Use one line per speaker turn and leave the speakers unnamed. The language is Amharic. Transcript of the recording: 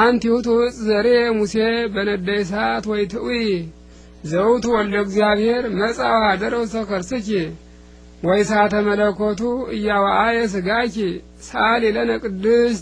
አንቲው ትውፅ ዘሬ ሙሴ በነደይ ሰዓት ወይ ትዊ ዘውቱ ወልደ እግዚአብሔር መጻዋ ደረው ሰከርስኪ ወይ ሳተ መለኮቱ እያዋአየ ስጋኪ ሳሊ ለነ ቅድስት